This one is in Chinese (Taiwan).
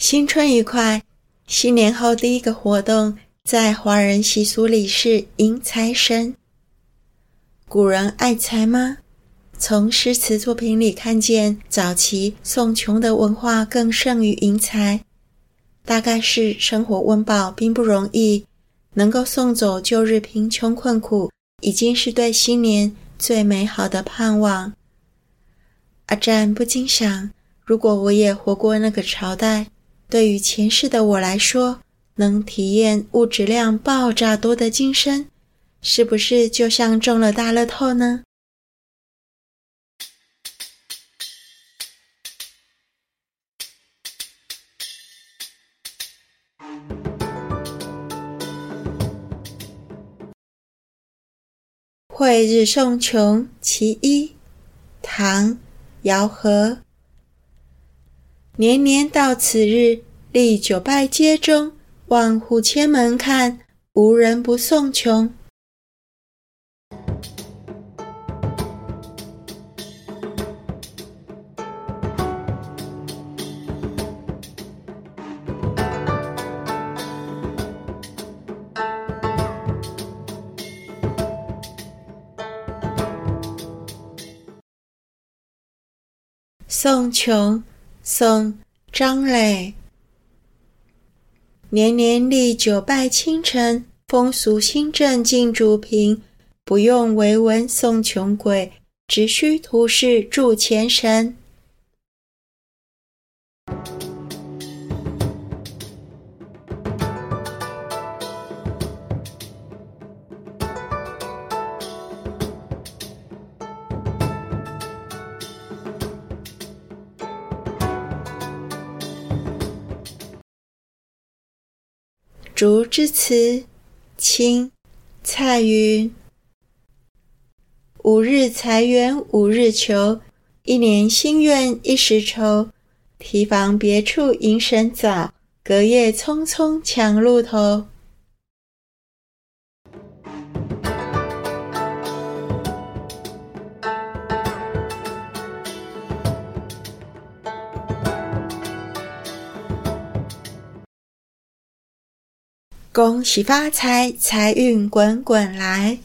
新春愉快！新年後第一個活動，在華人習俗裡是迎財神。古人愛財嗎？從詩詞作品裡看見，早期送窮的文化更勝於迎財。大概是生活溫飽並不容易，能夠送走舊日貧窮困苦，已經是對新年最美好的盼望。阿占不禁想：如果我也活過那個朝代？對於前世的我來說，能體驗物質量爆炸多的今生，是不是就像中了大樂透呢？《晦日送窮》其一，唐·姚合。年年到此日，瀝酒拜街中。萬戶千門看，無人不送窮。送窮。 宋，張耒。年年瀝酒拜清晨，風俗新正競逐貧，不用爲文送窮鬼，直須圖事祝錢神。《竹枝詞》，清·蔡雲。五日財源五日求，一年心願一時酬。提防別處迎神早，隔夜匆匆搶路頭。恭喜發財，財運滾滾來。